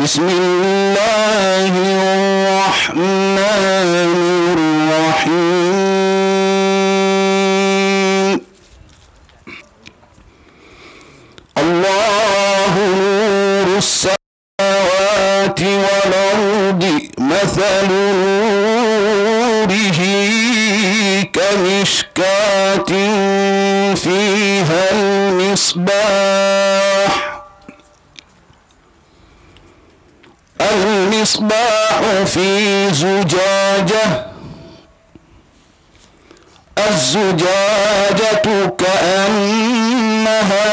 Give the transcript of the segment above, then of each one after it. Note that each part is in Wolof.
بسم الله الرحمن الرحيم الله نور السماوات والأرض مثل نوره كمشكاة فيها المصباح المصباح في زجاجة الزجاجة كأنها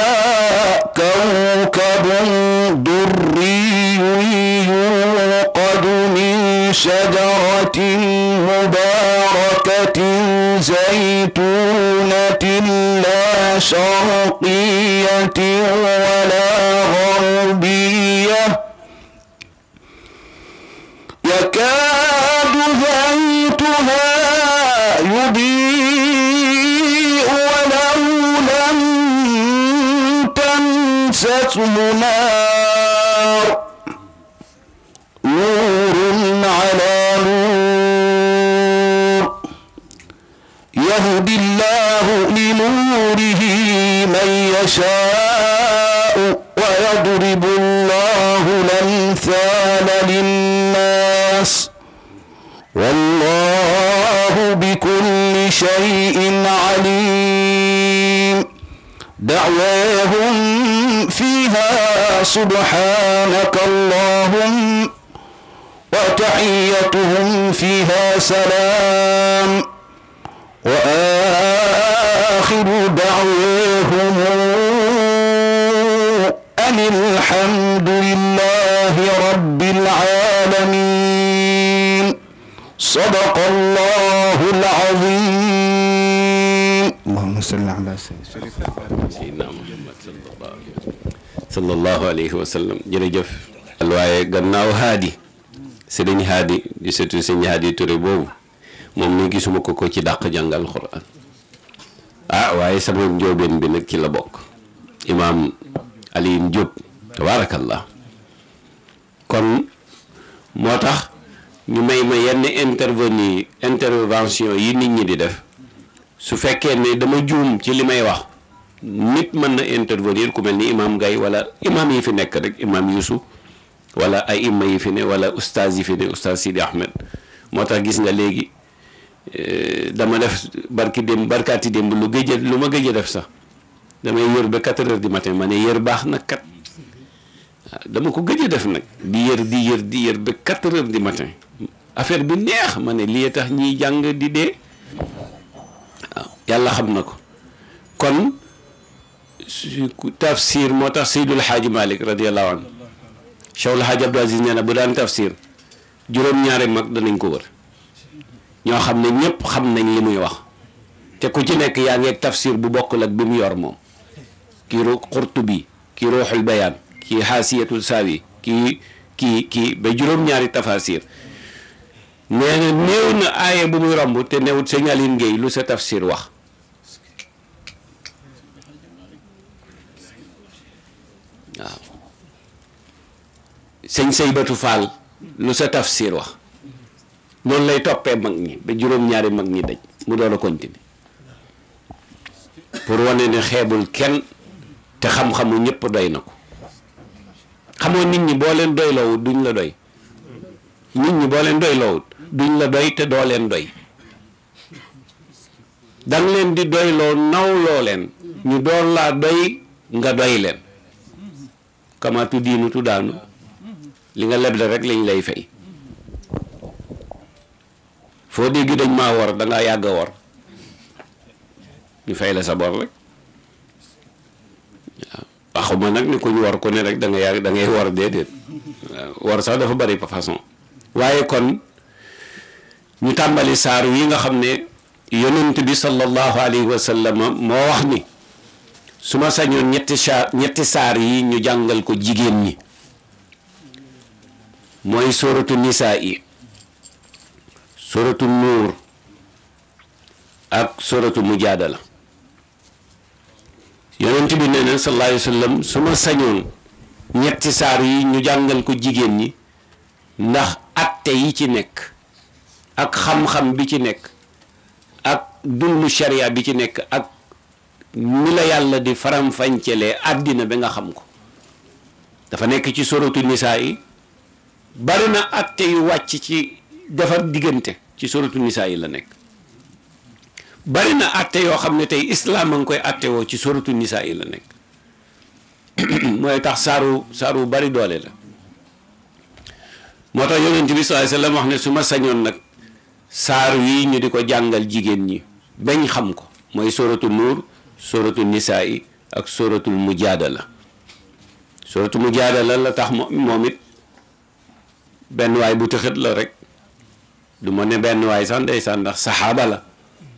كوكب دري يوقد من شجرة مباركة زيتونة لا شرقية ولا غربية يكاد زيتها يضيء ولو لم تمسسه نار نور على نور يهدي الله لنوره من يشاء ويضرب الله الأمثال شيء عليم دعواهم فيها سبحانك اللهم وتحيتهم فيها سلام وآخر دعواهم أن الحمد لله رب العالمين صدق الله العظيم اللهم صل waaye gannaaw haadi di setu sëriñ haadi Touré boobu moom gisuma ko ko ci dàq jàngal Alxuraan ah waaye sama njóobeen bi nag ci la bokk imaam Alioune Diop tabaarakallah kon moo tax ñu may ma yenn intervenir intervention yi nit ñi di def su fekkee ne dama juum ci li may wax nit mën na intervenir ku mel ni imaam gay wala imaam yi fi nekk rek imaam Yuusu wala ay imma yi fi ne wala ustaaz yi fi ne ustaaz Sidi Ahmed moo tax gis nga léegi eh, dama def barki démb barkaati démb lu gëj a lu ma gëj def sax damay yër ba quatre heures du matin ma ne yër baax na kat dama ko gëj def nag di yër di yër di yër ba quatre heures du matin affaire bu neex ma ne lii tax ñiy jàng di dee waaw yàlla xam na ko kon tafsir moo tax Seydul xaaj Malik radiyallahu anhu Cheikhul Xaaji Aziz nee na bu daan tafsir juróom-ñaari mag danañ ko wër ñoo xam ne ñëpp xam nañ li muy wax te ku ci nekk yaa ngeeg tafsir bu bokkul ak bi mu yor moom kii ru Qurtubi kii Ruuxul Bayaan kii Xaasiyatul Saawi kii kii kii ba juróom-ñaari tafasir nee na néew na aaye bu muy romb te newut sëñ Aline Gueye lu sa taf siir wax waaw sëñ Seybatu Fall lu sa siir wax noonu lay toppee mag ñi ba juróom-ñaari mag ñi daj mu doon a continuer pour wane ne xeebul kenn te xam-xamu ñëpp doy na ko xamoo nit ñi boo leen doy loowut duñ la doy nit ñi boo leen doy loowut duñ la doy te doo leen doy danga leen di doyloo nawloo leen ñu door laa doy nga doy leen kamaatu diinu tu daanu li nga leble rek lañ lay fay foo dégg dañ maa war dangaa yàgg a wor ñu fay la sa bor rek waaw waxuma nag ni ku ñu wor ku rek da nga yàgg da ngay wor déedéet wor sax dafa bari façon waaye kon ñu tàmbali saar yi nga xam ne yonent bi sallallahu alayhi wa moo wax ni su ma sañoon ñetti saar yi ñu jàngal ko jigéen ñi mooy soratu nisaa yi soratu nuur ak soratu mujaadala yonent bi nee na sallallahu su ma sañoon ñetti saar yi ñu jàngal ko jigéen ñi ndax atte yi ci nekk ak xam-xam bi ci nekk ak dundu sharia bi ci nekk ak ni la yàlla di faram àddina bi nga xam ko dafa nekk ci suratu nisaa yi bari na atte yu wàcc ci defar diggante ci suratu nisaa yi la nekk bari na atte yoo xam ne tey islaam a ngi koy atte woo ci suratu nisaa yi la nekk mooy tax saaru saaru bari doole la moo tax yonent bi sallallahu alayhi wasallam wax ne su ma sañoon nag saar wii ñu di ko jàngal jigéen ñi bañ xam ko mooy suratul nuur suratul nisaa yi ak suratul mujaadala suratul mujaadala la tax moom it benn waay bu tëxët la rek du ma ne benn waay sax ndeysaan ndax saxaaba la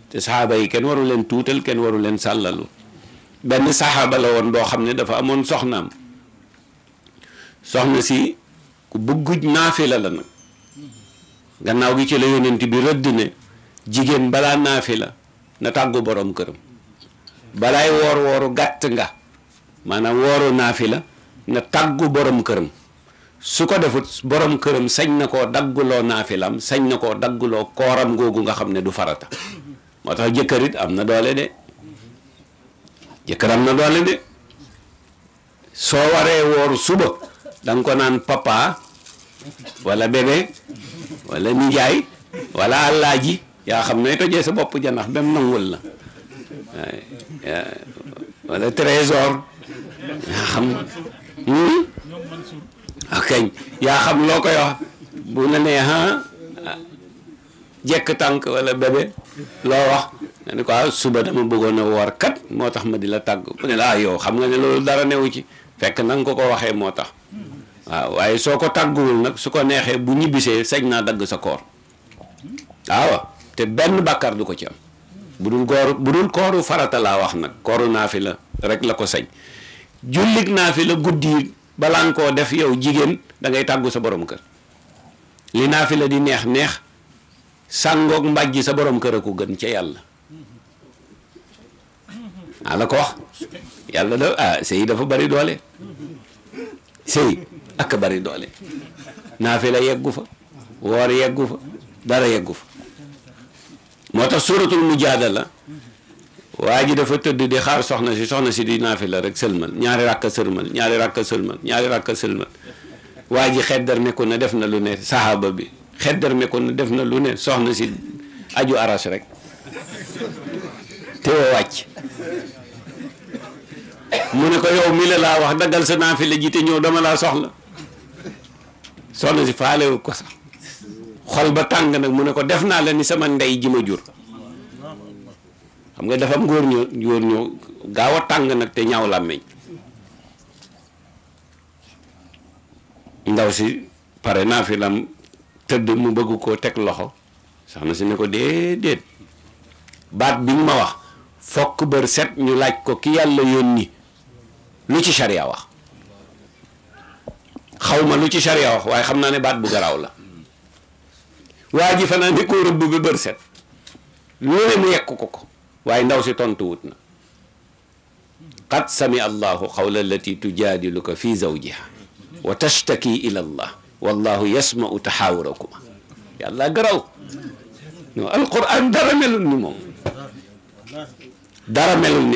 te saxaaba yi kenn waru leen tuutal kenn waru leen sàllalu benn saxaaba la woon boo xam ne dafa amoon soxnaam soxna si ku bëgguj naafi la la nag gannaaw gi ci la yónent bi rëdd ne jigéen balaa naafi la na tàggu borom këram balaay woor wooru gàtt nga maanaam wooru naafi la na tàggu borom këram su ko defut borom këram sañ na koo dagguloo naafilam sañ na koo dagguloo kooram googu nga xam ne du farata moo tax jëkkër it am na doole de jëkkër am na doole de soo waree woor suba da ko naan papa wala bébé wala nijaay wala àllaaji yaa xam nooy tojee sa bopp janax ba mu nangul la wala trésor yaa xam hmm? akañ ah, yaa xam loo koy wax bu la nee ha jekk tànk wala bébé loo wax nga ne ko ah, suba dama bëggoon a woor kat moo tax ma di la tàgg mu ne la ah, yow xam nga ne loolu dara newu ci fekk na ko ko waxee moo tax waaw waaye soo ko tàgguwul nag su ko neexee bu ñibbisee sañ naa dagg sa koor waaw te benn bàkkaar du ko ci am bu dul kooru bu dul kooru farata laa wax nag kooru naafi la rek la ko sañ jullig naafi la guddi balaan koo def yow jigéen da ngay tàggu sa boroom kër li naafi la di neex neex sàngoog mbàjji sa borom kër a ko gën ca yàlla a la ko wax yàlla da ah sëy dafa bari doole sëy ak bari doole naafila yeggu fa woor yeggu fa dara yeggu fa moo tax suuratul mujaadala waa ji dafa tëdd di xaar soxna si soxna si di naafila rek sëlmal ñaari rakka sëlmal ñaari rakka sëlmal ñaari rakka waa ji xeddar ne na def na lu ne saxaaba bi xeddar ne na def na lu ne soxna si aju aras rek te wàcc mu ne ko yow mi la laa wax daggal sa naafila ji te ñëw dama laa soxla soxna si faalewu ko sax xol ba tàng nag mu ne ko def naa la ni sama ndey ji ma jur xam nga dafa am góor ñu gaaw a tàng nag te ñaaw làmmiñ ndaw si pare naa fi lam tëdd mu bëgg koo teg loxo soxna si ne ko déedéet baat bi ñu ma wax fokk bër set ñu laaj ko ki yàlla yónni lu ci sharia wax xaw ma lu ci charia wax xam naa ne baat bu garaaw la waa ji fanaa ne koo rëbb ko waaye ndaw si tontuwut na qad sami allahu qawla allati tujaadiluka fi zawjiha wa tashtaki ila allah wallahu yasmau taxaawurakuma yàlla garaaw non alquran dara melul ni moom dara melul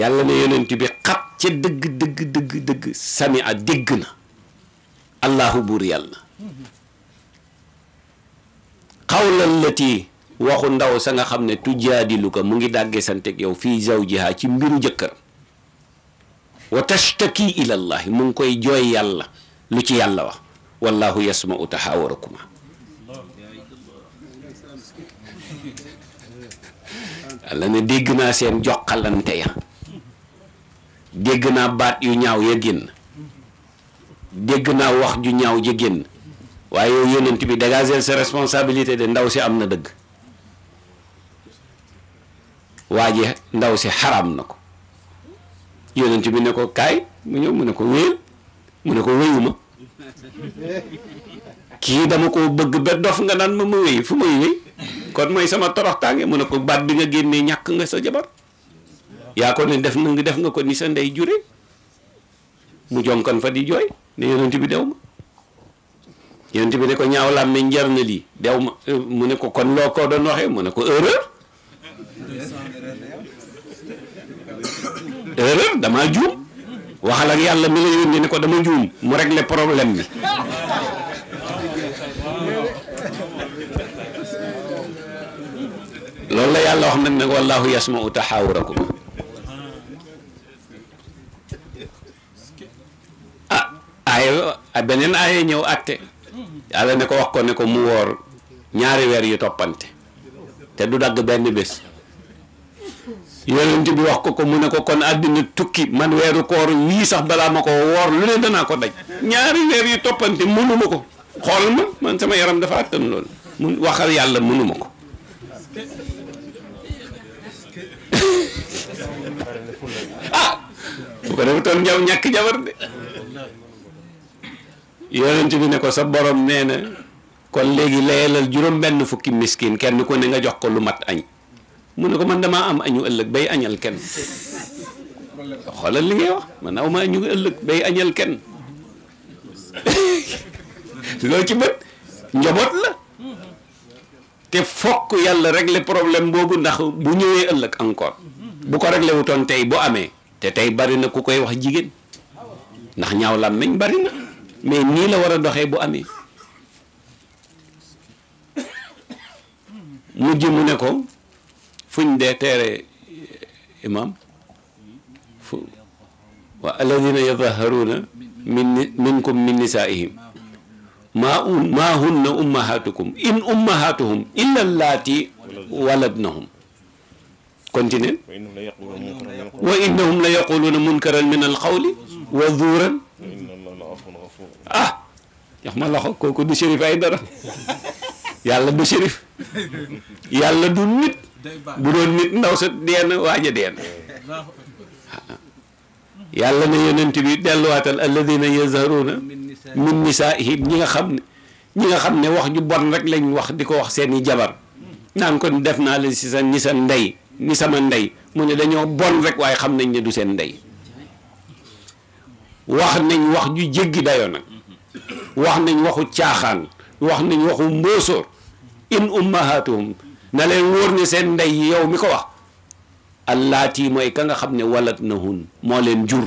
yàlla na yonent bi xat ca dëgg dëgg dëgg dëgg sami a dégg na allahu buur yàlla xawlal lati waxu ndaw sa nga xam ne tujaadilu ko mu ngi dàggee santeeg yow fii zawjiha ci mbiru jëkkër wa tashtaki ilallahi mu ngi koy jooy yàlla lu ci yàlla wax wallahu yasmau taxaawarakuma yàlla ne dégg naa seen joxalante ya dégg naa baat yu ñaaw ya génn dégg naa wax ju ñaaw ja génn waaye yow yonent bi dégager sa responsabilité de ndaw si am na dëgg waaje ndaw si xaraam na ko yonent bi ne ko kaay mu ñëw mu ne ko wéyal mu ne ko wéyuma kii dama koo bëgg ba dof nga naan ma ma wéy fu may wéy kon mooy sama toroxtaange mu ne ko baat bi nga génnee ñàkk nga sa jabar yaa ko ne def na def nga ko ni sa ndey jure mu jonkan fa di jooy ne yonent bi dew ma yonent bi ne ko ñaaw làmmiñ jar lii dew ma euh, mu ne ko kon loo ko doon waxee mu ne ko erreur erreur damaa juum waxal ak yàlla mi la yónni ne ko dama juum mu régler problème bi loolu la yàlla wax nag ne wallahu yasma'u tahawurakum aaya beneen aaya ñëw atte yàlla ne ko wax ko ne ko mu woor ñaari weer yu toppante te du dagg benn bés yonent bi wax ko ko mu ne ko kon àddina tukki man weeru koor wii sax balaa ma ko woor lu leen danaa ko daj ñaari weer yu toppante mënuma ko xool ma man sama yaram dafa àttan loolu mun waxal yàlla mënuma ko ah! bu ko defee toon ñàkk jabar de yonent bi ne ko sa borom nee na kon léegi layalal juróom benn fukki miskin kenn ku ne nga jox ko lu mat añ mu ne ko man damaa am añu ëllëg bay añal kenn xoolal li ngay wax man aw ma añu ëllëg bay añal kenn loolu ci bët njaboot la te fokk yàlla regle problème boobu ndax bu ñëwee ëllëg encore bu ko régler wutoon tey bu amee te tey bari na ku koy wax jigéen ndax ñaaw làmmiñ bari na mais nii la war a doxee bu amee mujj mu ne ko fuñ dee teere eh, imam fu wa alladina yadaharuna min minkum min nisaihim maa un maa hunna ummahatukum in ummahatuhum illa allaati waladnahum continue wa innahum la yaquluna munkaran min alqawli wa zuuran ah jox ma loxo kooku du Chérif dara yàlla du Chérif yàlla du nit bu doon nit ndaw sa deen waaj a deen yàlla na yonent bi delluwaatal alladina yazharuna min nisaihim ñi nga xam ne ñi nga xam ne wax ju bon rek lañ wax di ko wax seeni jabar naan ko def naa la si sa ni sa ndey ni sama ndey mu ne dañoo bon rek waaye xam nañ ne du seen ndey wax nañ wax ju jéggi dayoon nag wax nañ waxu caaxaan wax nañ waxu mbóosóor in ummahatuhum na leen wóor ne seen ndey yi yow mi ko wax allaati mooy ka nga xam ne walat na moo leen jur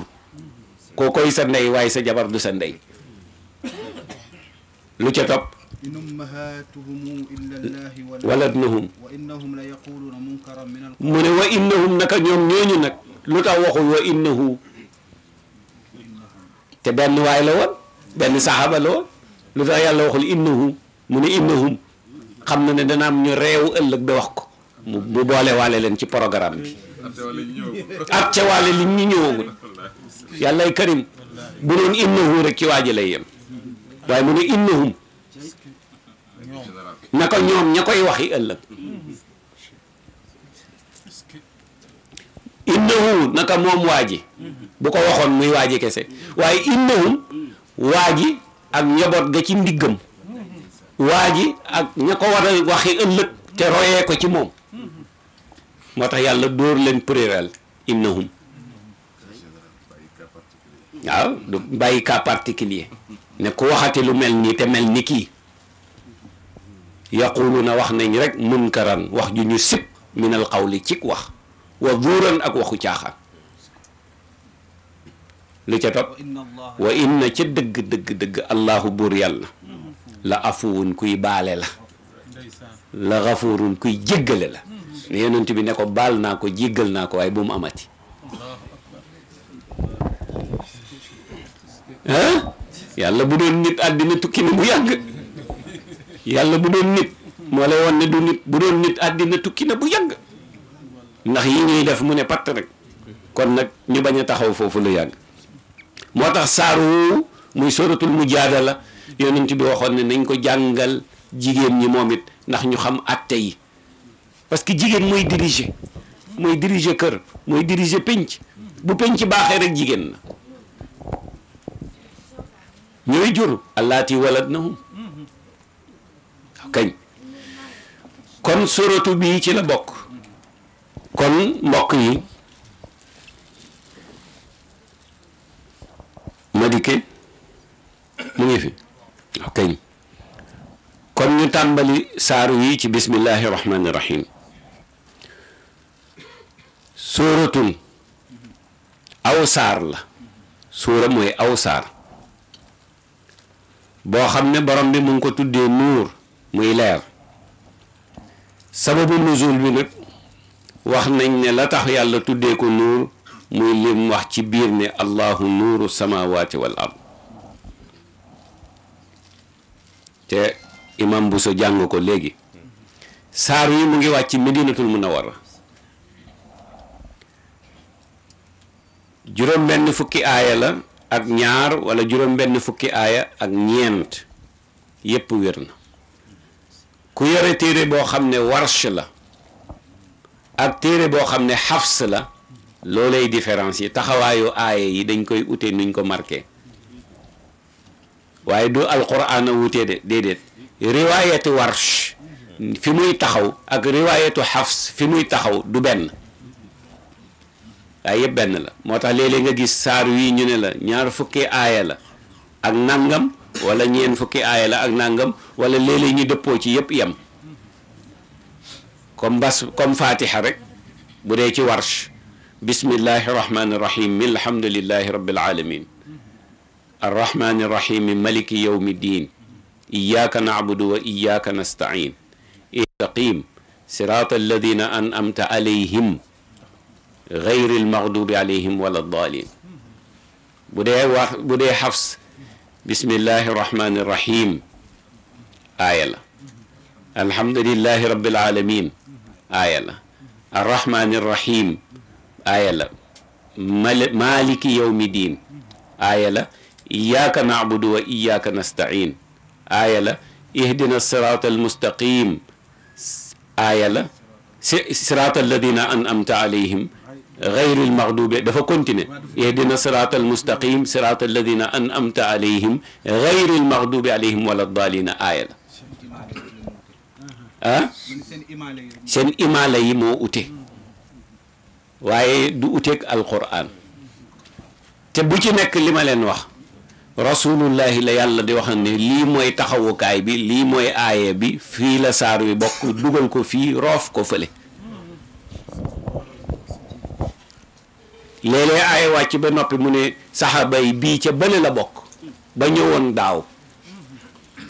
koo koy sa waaye sa jabar du sa ndey lu ca topp in ummahatuhum illa allahi walat hum mu ne wa innahum naka ñoom ñooñu nag lu tax waxul wa innahu te benn waay la woon benn saxaaba la lu tax yàlla waxul innahum mu ne innahum xam na ne dana am ñu reewu ëllëg ba wax ko mu boole waale leen ci programme bi ak ca waale li ñu ñëwagul yàllay karim bu doon innahu rek mu ne innahum na ko ñoom ña koy waxi ëllëg innahu naka moom waaji bu ko waxoon muy waaji kese waaye innahum waa ji ak njaboot ga ci ndiggam waa ji ak ña ko war a waxi ëllëg te royee ko ci moom moo tax yàlla dóor leen pluriel innahum waaw du bàyyi cas particulier ne ku waxati lu mel nii te mel ni kii yaquluna wax nañ rek munkaran wax ju ñu sib min al li cik wax wa zuuran ak waxu caaxaan lu ca topp wa inna ca dëgg dëgg dëgg allahu buur yàlla la afuwun kuy baale la la xafuurun kuy jéggale la yonent bi ne ko baal naa ko jéggal naa ko waaye bu mu amati ah yàlla bu doon nit àddina tukki na mu bu doon nit àddina tukki na bu yàgg ndax yi ñuy def mu ne patt rek kon nag ñu bañ a taxaw foofu lu yàgg moo tax saar woowu muy suratul mujaadala yonent bi waxoon ne nañ ko jàngal jigéen ñi moom it ndax ñu xam atte yi parce que jigéen mooy diriger mooy diriger kër mooy diriger pénc bu pénc baaxee rek jigéen la ñooy jur allaati waladnahum kañ kon suratu bii ci la bokk kon mbokk yi Madické mu ngi fi kañ kon ñu tàmbali saaru yi ci bismillahi rahmaani rahim suuratun aw saar la suura mooy aw saar boo xam ne borom bi mu ngi ko tuddee nuur muy leer sababu nuzul bi nag wax nañ ne la tax yàlla tuddee ko nuur muy lim wax ci biir ne allahu nuuru samawati wal ard te imam Bousso jàng ko léegi saar yi mu ngi wàcc medinatul munawwara juróom benn fukki aaya la ak ñaar wala juróom benn fukki aaya ak ñeent yépp wér na ku yore téere boo xam ne warsh la ak téere boo xam ne xafs la loolay différence yi taxawaayu aaye yi dañ koy ute nuñ ko marqué waaye du alquran a wutee de déedéet riwaayatu warsh fi muy taxaw ak riwaayatu xafs fi muy taxaw du benn waaye yëpp benn la moo tax léelée nga gis saar wi ñu ne la ñaar fukki aaya la ak nangam walla ñeen fukki aaya la ak nangam wala léeg-léeg ñu dëppoo ci yëpp yam comme bas comme fatiha rek bu dee ci warsh bismillahi rahmaani rahim alhamdulillahi rabbil alamin arrahmaani rahimi maliki yowmi diin iyaaka nacbudu wa iyaaka nastain istaqim siraata alladina an'amta alayhim gayri almaxdubi alayhim wala dalin bu dee wax bu dee xafs bismillahi rahmaani rahim aaya la alhamdulillahi rabbil alamin aaya la arrahmaani rahim aaya la mal maaliki yawmi diin aaya la iyaaka naabudu wa iyaaka nastain aaya la ihdina sirata almustaqim aaya la sirata alladina an'amta alayhim غير المغضوب dafa continuer اهدنا الصراط المستقيم صراط الذين أنعمت عليهم غير المغضوب عليهم ولا الضالين aaya la ah seen imaala yi moo ute waaye du uteeg alquran te bu ci nekk li ma leen wax rasulullahi la yàlla di wax ne lii mooy taxawukaay bi lii mooy aaye bi fii la saar wi bokk dugal ko fii roof ko fële léeg-léeg aaye wàcc ba noppi mu ne saxaaba yi bii ca bële la bokk ba ñëwoon daaw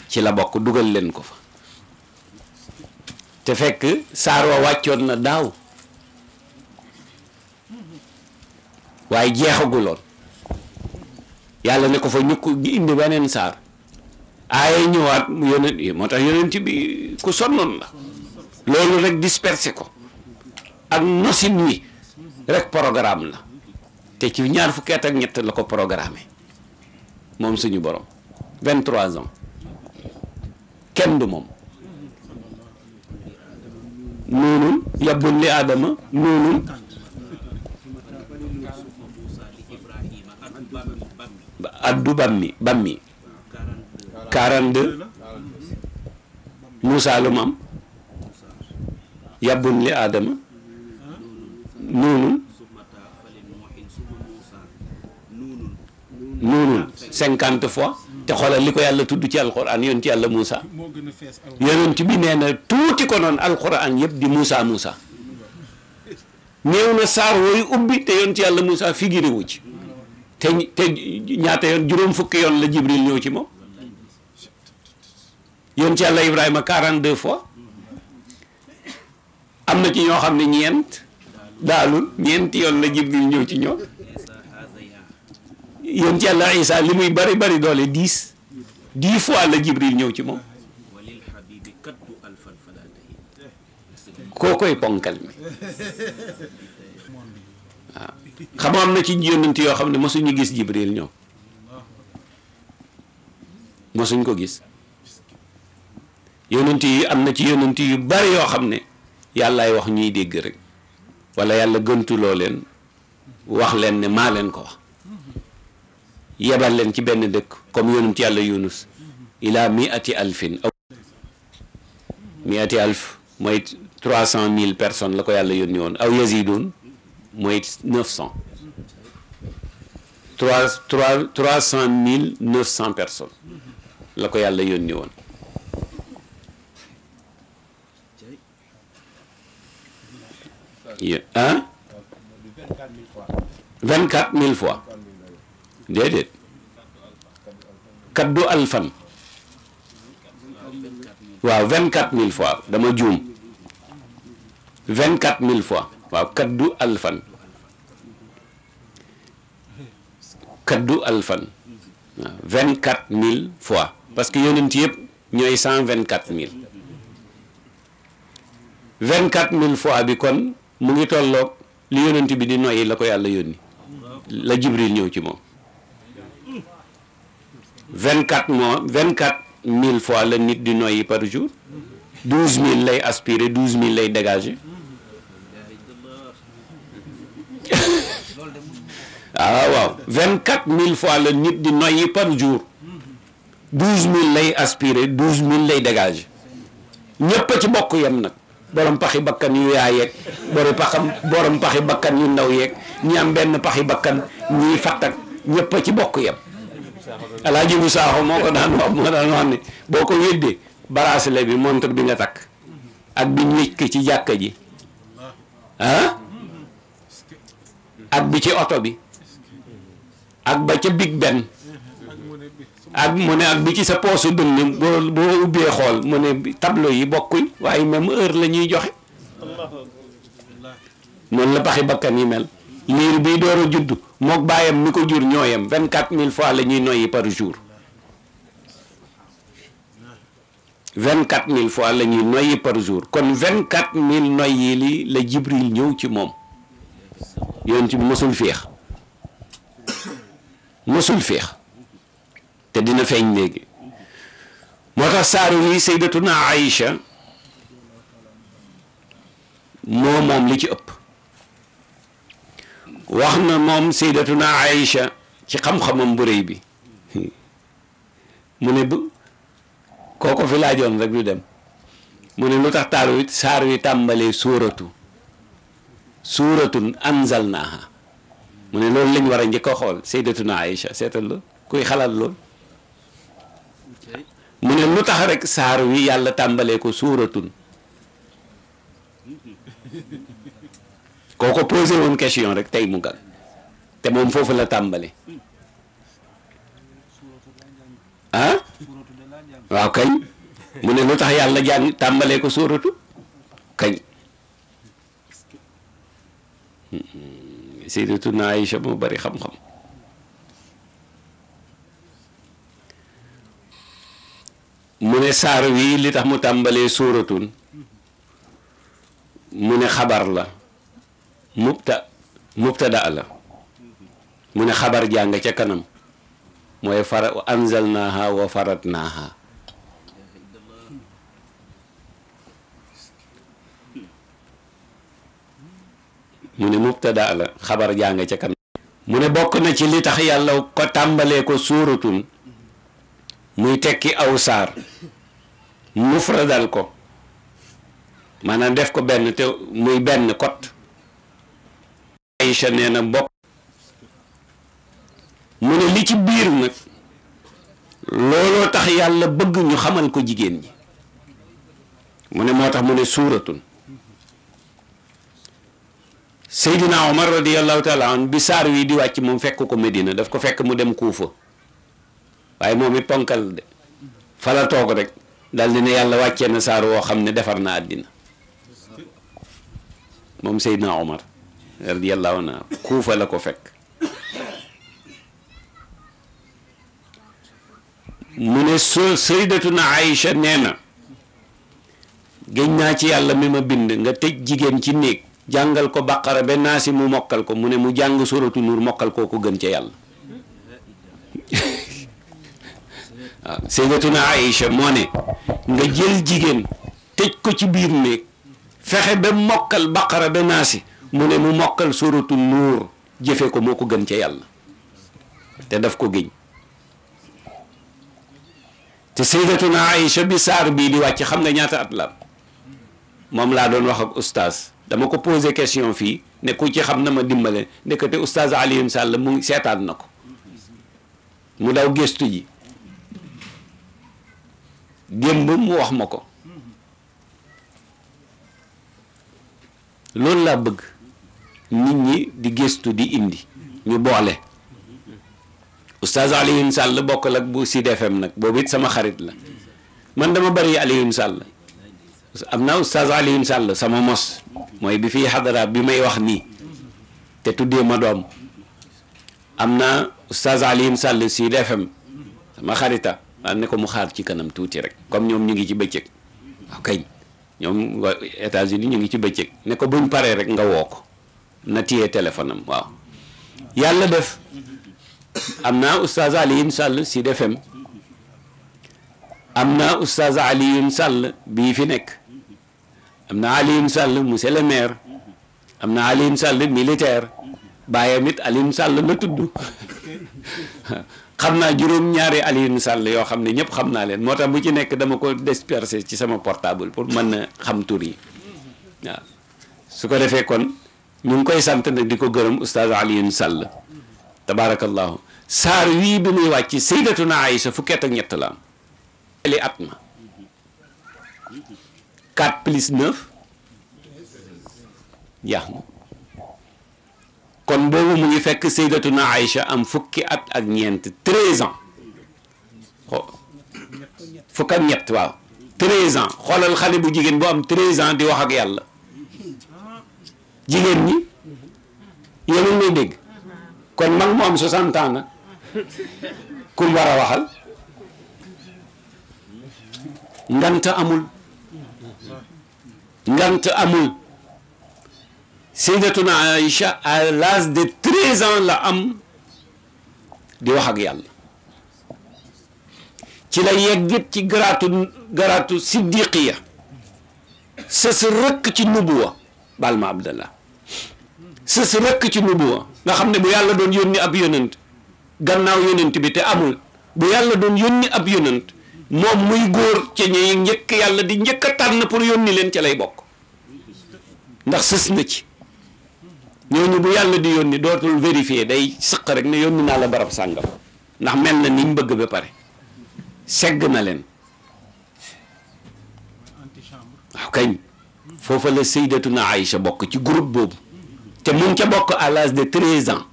ci la bokk dugal leen ko fa te fekk saar wa wàccoon na daaw waaye jeexaguloon yàlla ne ko fa ñukk gi indi beneen saar aaye ñëwaat mu yonent yi moo tax yonent bi ku sonnoon la loolu rek dispersé ko ak nosin wi rek programme la te ci ñaar fukki at ñett la ko programmé moom suñu borom vingt trois ans kenn du moom noonu yàbbul li aadama noonu Abdou Bammi Bammi 42 Moussa lu mu am li aadama nuunun nuunun cinquante fois te xoolal li ko yàlla tudd ci alxuraan yonent ci yàlla Moussa yonent bi nee na tuuti ko noon alxuraan yëpp di Moussa Moussa néew na saar wooyu ubbi te yonent ci yàlla Moussa figuré ci te ñaata yoon juróom fukki yoon la Jibril ñëw ci moom yoon ci yàlla Ibrahima 42 fois am na ci ñoo xam ne ñeent daalul ñeenti yoon la Jibril ñëw ci ñoom yoon ci yàlla Isa li muy bari bari doole 10 10 fois la Jibril ñëw ci moom koo koy ponkal mi xam am na ci yónnent yoo xam ne mosuñu gis jibril ñoom mosuñ ko gis yónnent yi am na ci yónnent yu bari yoo xam ne yàllaay wax ñuy dégg rek wala yàlla gëntuloo leen wax leen ne maa leen ko wax yebal leen ci benn dëkk comme yónnent yàlla yunus ila miati alfin aw miati alf mooy trois cent mille personnes la ko yàlla yónni woon aw yazidun mooy 900 trois trois trois cent mille neuf cent personnes la ko yàlla yónni woon ah vingt quatre mille fois déedéet kaddu alfan waaw vingt quatre mille fois dama juum vingt quatre mille fois waaw kaddu alfan kat du alfan vingt quatre mille fois parce que yonent yëpp ñooy cent vingt quatre mille vingt quatre mille fois bi kon mu ngi tolloog li yonent bi di noyyi la ko yàlla yónni la jibril ñëw ci moom vingt quatre mois vingt quatre mille fois la nit di noyyi par jour douze mille lay aspirer douze mille lay dégager ah waaw vingt quatre mille fois la nit di noyyi par jour douze mille lay aspiré douze mille lay dégagé ñëpp a ci bokk yem nag borom paxi bakkan yu yaa yeeg borom paxi bakkan yu ndaw yeeg ñi am benn paxi bakkan ñiy fattak ñëpp a ci bokk yem alaaji bu saaxo moo ko daan wax moo daan wax ne boo ko weddee bracelet bi montre bi nga takk ak bi ñëj ki ci jàkka ji ah ak bi ci oto bi ak ba ca big benn ak mu ne ak bi ci sa poosu dënn boo ubbee xool mu ne tableau yi bokkuñ waaye même heure lañuy joxe noonu la baxi bakkan yi mel liir bi door a judd mook bàyyam mi ko jur ñooyam vingt quatre mille fois la ñuy noyyi par jour vingt quatre fois la ñuy jour kon vingt quatre mille noyyi li la jibril ñëw ci moom yoon ci mosul féex mësul féex te dina feeñ léegi moo tax saar wi sayyidatuna Aïcha moo moom li ci ëpp wax na moom sayyidatuna Aïcha ci xam-xamam bu rëy bi mu ne bu kooko fi laajoon dem mu ne lu tax taar wi saar wi tàmbalee suuratu suuratun anzalnaaha mu ne loolu lañ war a njëkk a xool Sayyidatuna Aïcha seetal la kuy xalaat loolu mu ne lu tax rek saar wi yàlla tàmbalee ko suuratun kooko posé rek tey mu gag foofu la tàmbale ah mu tax yàlla jàng tàmbalee ko suuratu kañ hmm. Sayyidatuna Aïcha moo bari xam-xam mu ne saar wii li tax mu tàmbalee sóoratun mu ne xabar la mubta mubtada la mu ne xabar jàng ca kanam mooy fara anzalnaaha wa faratnaaha mu ne mubtada la xabar jaa nga ca kanam mu ne bokk na ci li tax yàlla ko tàmbalee ko suuratun muy tekki aw saar mufradal ko maanaam def ko benn te muy benn kot Aïcha mu ne li ci biir nag looloo tax yàlla bëgg ñu xamal ko jigéen ñi mu ne moo tax mu ne suuratul Seydina Omar radiyallahu taala bi saar yi di wàcc moom fekk ko Medina daf ko fekk mu dem Kuufa waaye moom it ponkal de fa rek dal di yàlla wàccee na saar woo xam ne defar na àddina moom Seydina Omar radiyallahu Kuufa la ko fekk mu ne so Seydatuna nee na géñ naa ci yàlla mi ma bind nga tëj jigéen ci néeg jàngal ko baqara ba naasi mu mokkal ko mu ne mu jàng sóoratu nuur mokkal koo ko gën ca yàlla waaw ah, naa Aïcha nga jël jigéen tëj ko ci biir néeg fexe ba mokkal baqara ba naasi mu mokkal suratu nuur jëfe ko moo ko gën ca yàlla te daf ko géñ te sayyidatuna Aïcha bi saar bii di wàcc xam nga ñaata at moom laa doon wax ak ustaas dama ko posé question fii nekku ku ci xam na ma dimbale nekkate oustaz Alioune Sall mu seetaan na ko mu daw gëstu ji démb mu wax ma ko loolu laa bëgg nit ñi di gëstu di indi ñu boole oustaz Alioune Sall bokkal ak bu Sud FM nag boobu it sama xarit la man dama bari Alioune Sall am na oustaz Alioune Sall sama mos mooy bi fii xadara bi may wax nii te tuddee ma doom am na oustaz Alioune Sall Sud FM sama xarita ma ne ko mu xaar ci kanam tuuti rek comme ñoom ñu ngi ci bëccëg waaw kañ ñoom ñu ngi ci bëccëg ne ko buñ paree rek nga woo ko na téye téléphone waaw yàlla def am naa oustaz Alioune Sall Sud FM am naa oustaz Alioune Sall bii fi nekk am na Alioune Sall monsieur le maire am na Alioune Sall militaire bàyyam it Alioune Sall la tudd xam naa juróom-ñaari Alioune Sall yoo xam ne ñëpp xam naa leen moo tax mu ci nekk dama ko disperser ci sama portable pour mën a xam tur yi su ko defee kon mu ngi koy sant nag di ko gërëm oustaz Alioune Sall tabaarakallahu saar wii bi muy wàcc sayyidatuna Aïcha fukket ak ñett la am 4 plus 9 jeex na kon boobu mu ngi fekk Seydatuna Aïcha am fukki at ak ñeent 13 ans fukk ak ñett waaw 13 ans xoolal xale bu jigéen bu am 13 ans di wax ak yàlla jigéen ñi yéen may dégg kon mag mu am 60 ans nag ku war a waxal nganta amul. ngant amul sayyidatuna Aïcha à l'âge de treize ans la am di wax ak yàlla ci la yeggit ci garaatu garaatu siddiqiya sës rëkk ci nubuwa baal ma abdallah sës rëkk ci nubuwa nga xam ne bu yàlla doon yónni ab yónent gannaaw yónent bi te amul bu yàlla doon yónni ab yónent moom muy góor ci ñuy njëkk yàlla di njëkk a tànn pour yónni leen ci lay bokk ndax sës na ci ñooñu bu yàlla di yónni dootul vérifier day sëq rek ne yónni naa la barab sàngam ndax mel na niñ bëgg ba pare segg na leen waaw la foofa la ay Aïcha bokk ci group boobu te mu ca bokk à l'âge de treize ans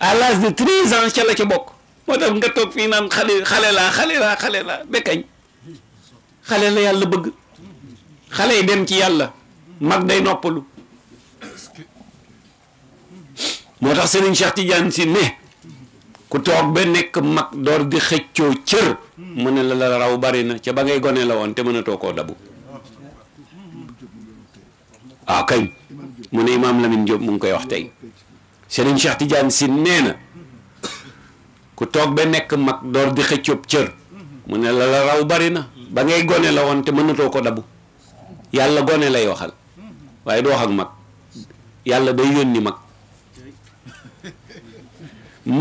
à l'âge de treize ans ca la ca bokk moo tax nga toog fii naan xale xale laa xale laa xale laa bekkañ xale la yàlla bëgg xale yi dem ci yàlla mag day noppalu moo tax Serigne Cheikh Tidiane si ne ku toog ba nekk mag door di xëccoo cër mu ne la la raw bari na ca ba ngay gone la woon te mënatoo koo dabu waaw ah, kañ mu ne Imaam Lamine Diop mu ngi koy wax tey Serigne Cheikh Tidiane si nee na ku toog ba nekk mag door di xëccoob cër mu ne la la raw bari na ba ngay gone la woon te mënatoo ko dabu yàlla gone lay waxal waaye du wax ak mag yàlla day yónni mag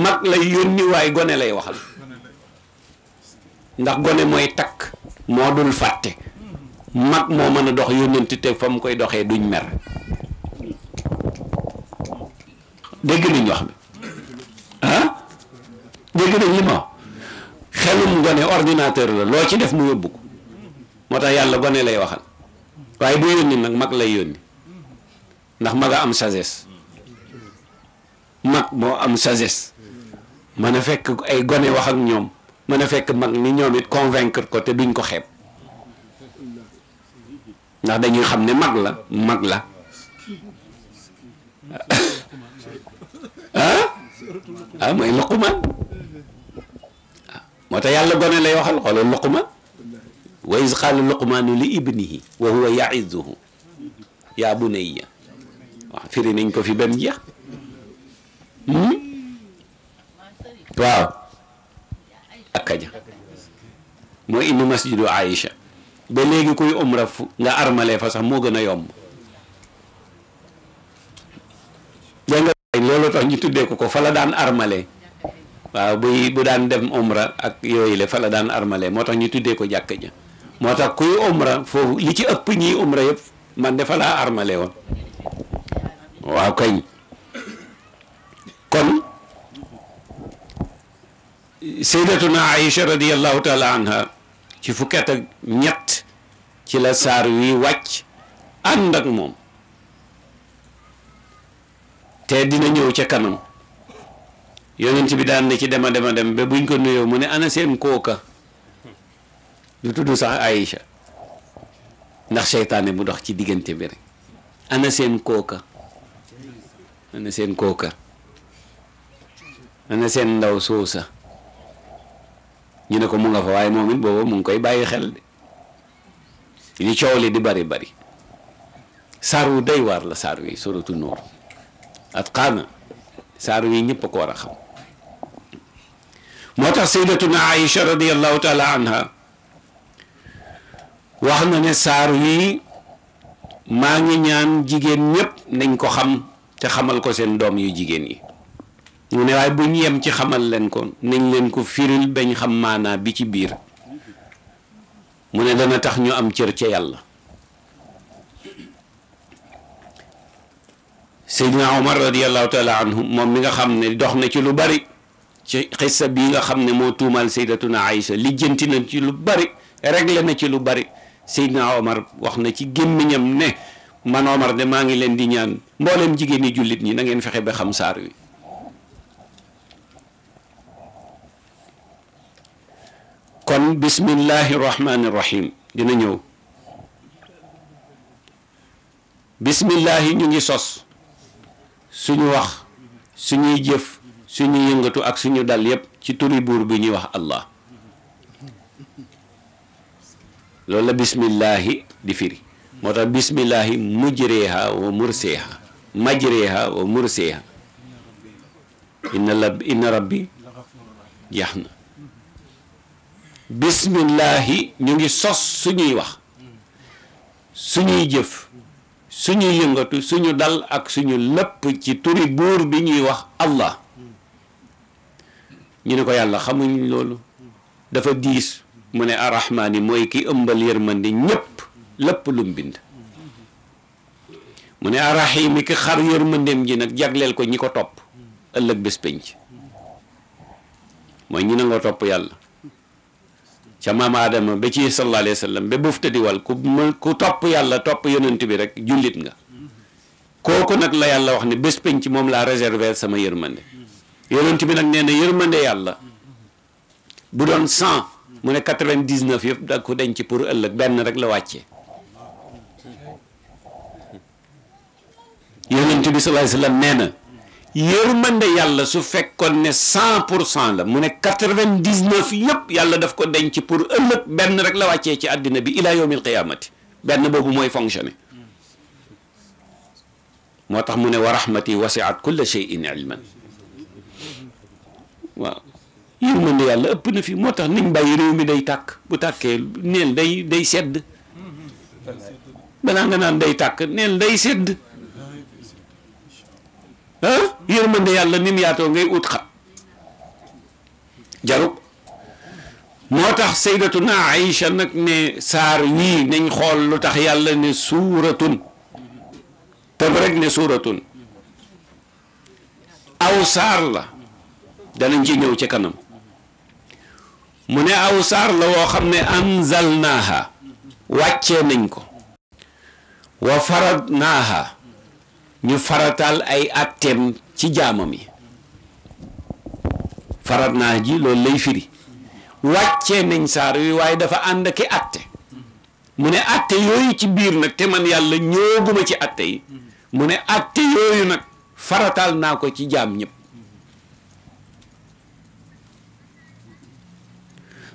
mag lay yónni waaye gone lay waxal ndax gone mooy takk moo dul fàtte mag moo mën a dox yónnanti te fa mu koy doxee duñ mer dégg nañ wax bi dégg nañ li ma xelum nga ne ordinateur la loo ci def mu yóbbu ko moo tax yàlla gone lay waxal waaye bu yónni nag mag lay yónni ndax mag am sagesse mag moo am sagesse mën a fekk ay gone wax ak ñoom mën a fekk mag ni ñoom it convaincre ko te duñ ko xeeb ndax dañuy xam ne mag la mag la ah? ah mooy luqumaan ah, moo tax yàlla gone lay waxal xoolal luqumaan wa iz qaala luqmaanu li ibnihi wa huwa ya'izuhu yaa bunayya waaw firi nañ ko fi benn jeex hmm? waaw ak kaja moo indi masjidu Aïcha ba léegi kuy umra fu nga armalee fa sax moo gën a yomb loolu tax ñu tuddee ko ko fala daan armale waaw buy bu daan dem omra ak yooyu le fa la daan armale moo tax ñu tuddee ko jàkk moo tax kuy li ci ëpp ñiy omra yëpp man de fa laa armale woon waaw kañ kon ci fukket ñett ci la saar wi wàcc ànd ak moom te dina ñëw ca kanam yonent bi daan na ci dema dema dem ba buñ ko nuyoo mu ne ana seen kooka du tudd sax Aïcha ndax seytaane bu dox ci diggante bi rek ana seen kooka ana seen kooka ana seen ndaw soosa ñu ne ko mu nga fa waaye moom it mu ngi koy bàyyi xel de li coow li di bari bari saar wu doy waar la saar wi suratu Nuur atqaana saar wi ñëpp a ko war a xam moo tax saydatuna aïcha radiallahu taala anha wax na ne saar wi maa ngi ñaan jigéen ñépp nañ ko xam te xamal ko seen doom yu jigéen yi mu ne waaye bu yem ci xamal leen ko nañ leen ko firil bañ xam maanaa bi ci biir mu ne dana tax ñu am cër ca yàlla Seydina Omar radiyallahu taala anhu moom mi nga xam ne dox na ci lu bari ci xissa bii nga xam ne moo tuumaal Seydatuna Aïcha lijjanti na ci lu bari réglé na ci lu bari Seydina Omar wax na ci gémmiñam ne man Omar de maa ngi leen di ñaan mbooleem jigéeni ñi jullit ñi na ngeen fexe ba xam saar wi kon bismillahi rahmaani rahim dina ñëw bismillahi ñu ngi sos suñu wax suñuy jëf suñu yëngatu ak suñu dal yépp ci turi buur bi ñuy wax allah loolu la bismillahi di firi moo tax bismillahi mujreeha wa murseeha inna la inna rabbi jeex na bismillahi ñu ngi sos suñuy wax suñuy jëf suñu yëngatu suñu dal ak suñu lépp ci turi buur bi ñuy wax allah ñu ne ko yàlla xamuñ loolu dafa diis mu ne arrahmaani mooy ki ëmbal yërmande ñépp lépp lum bind mu ne arrahimi ki xar yërmandeem ji nag jagleel ko ñi ko topp ëllëg bés penc mooy ñi nangoo topp yàlla ca maam aadama ba ci sallallahu alayhi wa sallam ba bëf tëddiwal ku mu ku topp yàlla topp yonent bi rek jullit nga kooku nag la yàlla wax ne bés penc moom laa réserver sama yërmande yonent bi nag nee na yërmande yàlla bu doon cent mu ne quatre-vingt-dix-neuf yëpp da ko denc pour ëllëg benn rek la wàcce yonent bi sallallahu alayhi wa sallam nee na yërmande yàlla su fekkoon ne cent pour cent la mu ne quatre-vingt-dix-neuf yëpp yàlla def ko denc pour ëllëg benn rek la wàccee ci àddina bi ila yawmil qiyaamati benn boobu mooy fonctionner moo tax mu ne wa rahmati wasiat kulla shay'in ilman waaw yërmande yàlla fi moo tax niñ bàyyi réew mi day tàkk bu tàkkee neel day day sedd balaa nga naan day tàkk neel day sedd ah yàlla ni yaatoo ngay ut xa jarul moo tax saydatuna Aïcha nag ne saar wii nañ xool lu tax yàlla ne suuratun tëb rek ne suuratun aw saar la danañ ci ñëw ci kanam mu ne aw saar la woo xam ne anzalnaaha wàcce nañ ko wa faradnaaha ñu farataal ay atteem ci jaamam yi farat naa ji loolu lay firi wàccee nañ saar wi waaye dafa ànd ak atte mu ne atte yooyu ci biir nag te man yàlla ñooguma ci atte yi mu ne atte yooyu nag farataal naa ko ci jaam ñépp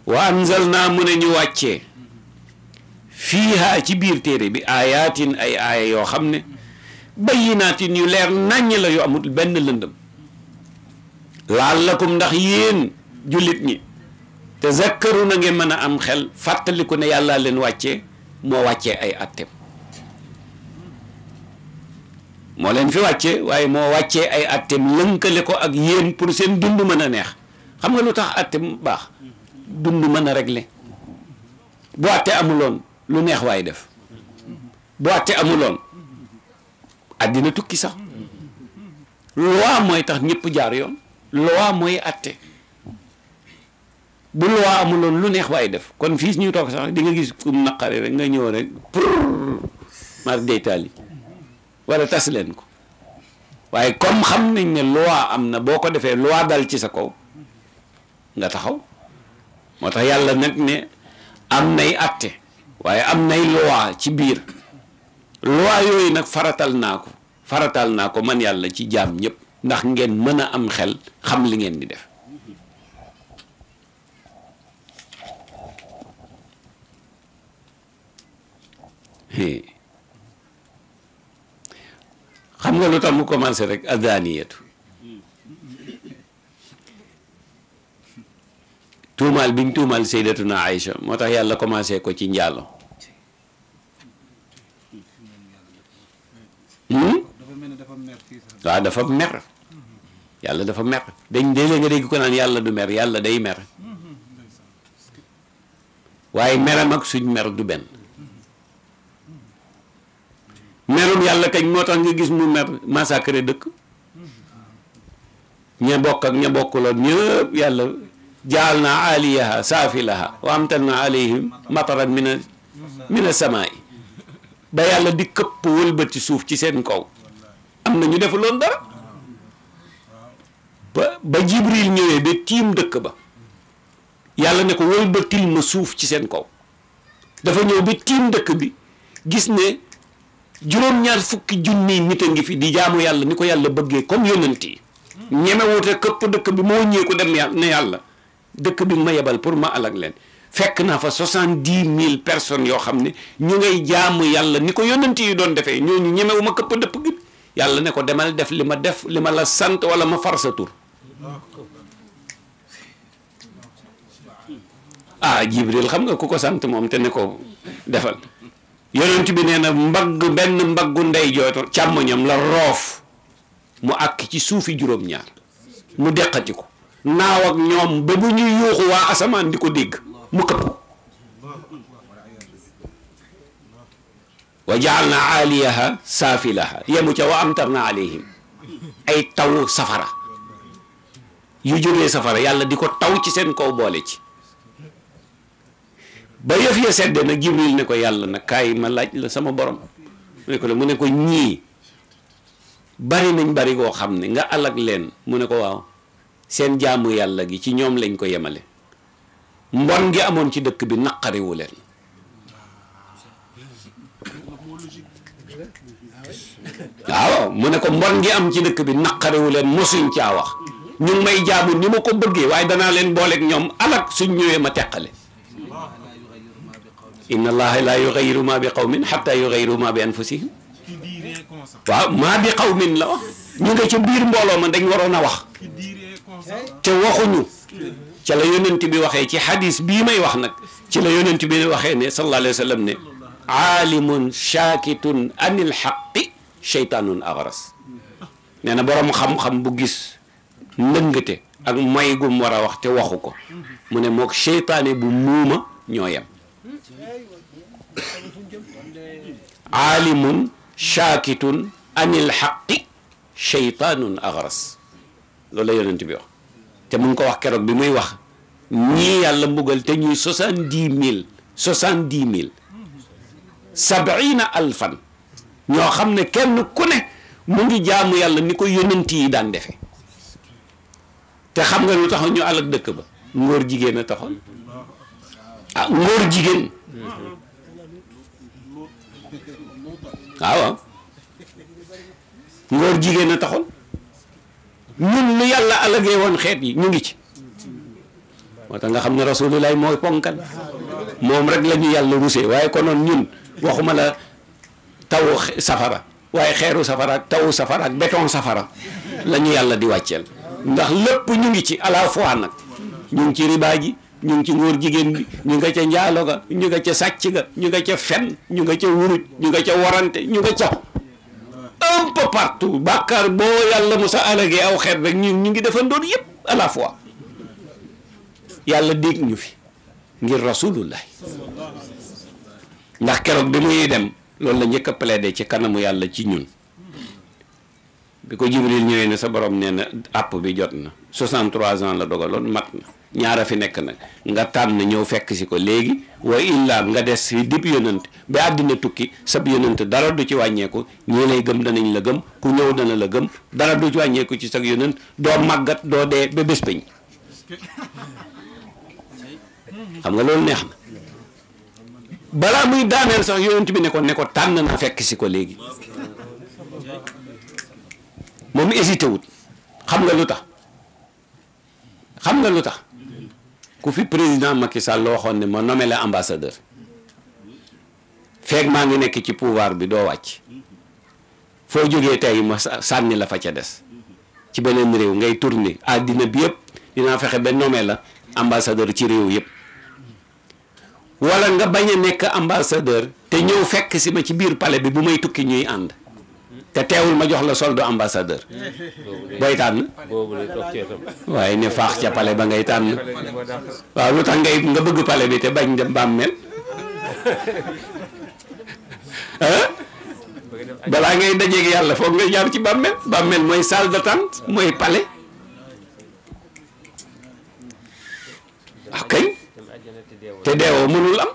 wa naa mu ne ñu wàccee fiiha ci biir téere bi ayatin ay aaya yoo xam ne bayyinaatin yu leer nàññ la yu amul benn lëndëm laal lakum ndax yéen jullit ñi te zakkaru na ngeen mën a am xel fàttaliku ne yàllaa leen wàcce moo wàccee ay atteem moo leen fi wàccee waaye moo wàccee ay atteem lënkale ko ak yéen pour seen dund mën a neex xam nga lu tax atteem baax dund mën a régler bu atte amuloon lu neex waaye def bu atte amuloon dina tukki sax loi mooy tax ñépp jaar yoon loi mooy atte bu loi amuloon lu neex waaye def kon fiis ñuy toog sax di nga gis fu mu naqare rek nga ñëw rek pour mar deytaal yi wala tas leen ko waaye comme xam nañ ne loi am na boo ko defee loi dal ci sa kaw nga taxaw moo tax yàlla nag ne am nay atte waaye am nay loi ci biir loi yooyu nag faratal naa ko faratal naa ko man yàlla ci jaam ñépp ndax ngeen mën a am xel xam li ngeen di def xam nga lu tax mu commencé rek adaniyatu tuumaal bi ñu tuumaal sayyidatuna Aïcha moo tax yàlla commencé ko ci njaalo. Hmm? waaw dafa mer yàlla dafa mer dañ déedéet nga dégg ko naan yàlla du mer yàlla day mer waaye meram ak suñ mer du benn merum yàlla kañ moo tax nga gis mu mer massacré dëkk ña bokk ak ña bokkuloon ñëpp yàlla jaal naa aliyaha saafilaha wa amtal na alayhim mataran mina mina samaa'i ba yàlla di këpp wëlbati suuf ci seen kaw am na ñu defuloon dara ba ba jibril ñëwee ba tiim dëkk ba yàlla ne ko wëlbatil ma suuf ci seen kaw dafa ñëw ba tiim dëkk bi gis ne juróom-ñaar fukki junni nit a ngi fi di jaamu yàlla ni ko yàlla bëggee comme yonent yi ñemewute këpp dëkk bi moo ñëwee ko dem yàlla ne yàlla dëkk bi ma yebal pour ma alak leen fekk naa fa soixante-dix mille personnes yoo xam ne ñu ngay jaamu yàlla ni ko yonent yi doon defee ñoo ñu ñooñu ñemewuma këpp dëpp gi yàlla ne ko demal def li ma def li ma la sant wala ma far sa tur ah jibril xam nga ku ko sant moom te ne ko defal yonent bi nee na mbagg benn mbaggu ndey jooto càmmoñam la roof mu àkk ci suufi juróom-ñaar mu deqati ko naaw ak ñoom ba bu ñuy yuuxu waa asamaan di ko dégg mu këpp wa na aaliyaha saafilaha yemu ca wa amtarna alayhim ay taw safara yu jógee safara yàlla di ko taw ci seen kaw boole ci ba yëf ya sedde nag jibril ne ko yàlla nag kaay ma laaj la sama borom mu ne ko mu ne ñii bari nañ bari koo xam ne nga alag leen mu ne ko waaw seen jaamu yàlla gi ci ñoom lañ ko yemale mbon gi amoon ci dëkk bi naqariwu leen waaw mu ne ko mbon gi am ci dëkk bi naqarewu leen mosuñ caa wax ñu ngi may jaamu ni ma ko bëggee waaye danaa leen booleeg ñoom alak suñ ñëwee ma teqale inna allaha la yugayiru ma bi qawmin xatta yugayiru ma bi anfusihim waaw maa bi qawmin la wax ñu nga ca biir mbooloo ma dañ waroon a wax te waxuñu ca la yonent bi waxee ci hadis bii may wax nag ci la yonent bi waxee ne sallallahu alayhi wa sallam ne aalimun shaakitun anil xaqi seytaanun axaras nee na borom xam-xam bu gis ndëngate ak may gum war wax te waxu ko mu ne mook seytaane bu muuma ñoo yem aalimun shaakitun anil xaqi seytaanun axaras loolu la yonent bi wax te mu ko wax keroog bi muy wax ñii yàlla bugal te ñuy soixante-dix mille soixante-dix mille sabiina alfan ñoo xam ne kenn ku ne mu ngi jaamu yàlla ni ko yonent yi daan defe te xam nga lu taxoon ñu àll dëkk ba ngóor jigéen a taxoon ah ngóor jigéen waaw jigéen a taxoon ñun lu yàlla alagee woon xeet yi ñu ngi ci moo tax nga xam ne rasulullah mooy ponkal moom rek la ñu yàlla rusee waaye konoon ñun waxuma la tawu safara waaye xeeru safara ak tawu safara ak béton safara la yàlla di wàcceel ndax lépp ñu ngi ci à nag ñu ngi ci ribaa ji ñu ngi ci ngóor jigéen bi ñu nga ca njaalo ga ñu ca sàcc ga ñu nga ca fen ñu nga ca wuruj ñu nga ca warante ñu nga ca un peu partout bàkkaar boo yàlla mu sa alagee aw xeer rek ñu ñu ngi defandoon yëpp à la yàlla dégg ñu fi ngir rasulullah ndax keroog bi muy dem loolu la njëkk a plaidé ci kanamu yàlla ci ñun bi ko Jibril ñëwee ne sa borom nee na àpp bi jot na 63 ans la dogaloon mat na a fi nekk nag nga tànn ñëw fekk si ko léegi wa illa nga des si dib yonant ba àddina tukki sab yonant dara du ci wàññeeku ñii lay gëm danañ la gëm ku ñëw dana la gëm dara du ci wàññeeku ci sag yonant doo màggat doo dee ba bés peñ xam nga loolu neex na balaa muy daaneel sax yonent bi ne ko ne ko tànn na fekk si ko léegi moom hésité wut xam nga lu tax xam nga lu tax ku fi président Macky Sall waxoon ne ma nommé la ambassadeur feek maa ngi nekk ci pouvoir bi doo wàcc foo jógee tey ma sànni la fa ca des ci beneen réew ngay tourner àddina bi yëpp dinaa fexe ba nommé la ambassadeur ci réew yëpp wala nga bañ a nekk ambassadeur te ñëw fekk si ma ci biir pale bi bu may tukki ñuy ànd te teewul ma jox la soldu ambassadeur booy tànn waaye ne faax ca palais ba ngay tànn waaw lu tax nga bëgg pale bi te bañ dem bàmmeel balaa ngay dajeeg yàlla foog nga jaar ci bàmmeel bàmmeel mooy salle d'attente mooy palais ok ah, te deewoo mënul am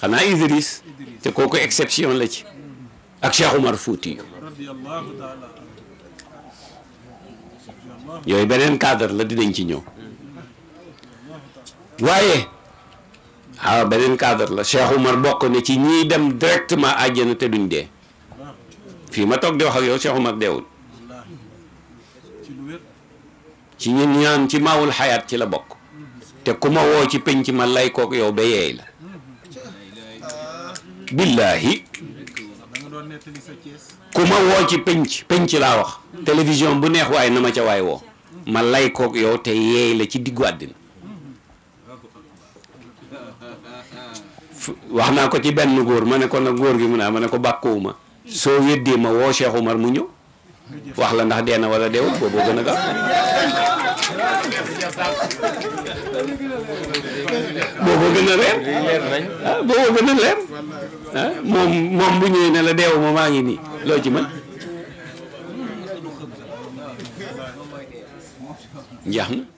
xanaa Idriss te kooku exception la ci ak Cheikh Umar Fouti yooyu beneen cadre la dinañ ci ñëw waaye ah beneen cadre la Cheikh Umar bokk na ci ñiy dem directement àjjana te duñ dee fii ma toog di wax ak yow Cheikh Umar deewul ci ñun ñaan ci maawul xayaat ci la bokk te ku ma woo ci penc ma lay kook yow ba yeey la billahi ku ma woo ci penc penc laa wax television bu neex waaye na ma ca waay woo ma lay kook yow te yeey la ci diggu àddina wax naa ko ci benn góor ma ne ko nag góor gi mu naa ma ne ko bàkkuwuma soo weddee ma woo seexu Umar mu ñëw wax la ndax dee na wala deewul boobu gën a gaaw boo ko ah, gën a leer ah gën a leer moom bu ñëwee ne la deew ma maa ngi nii loo ci mën jeex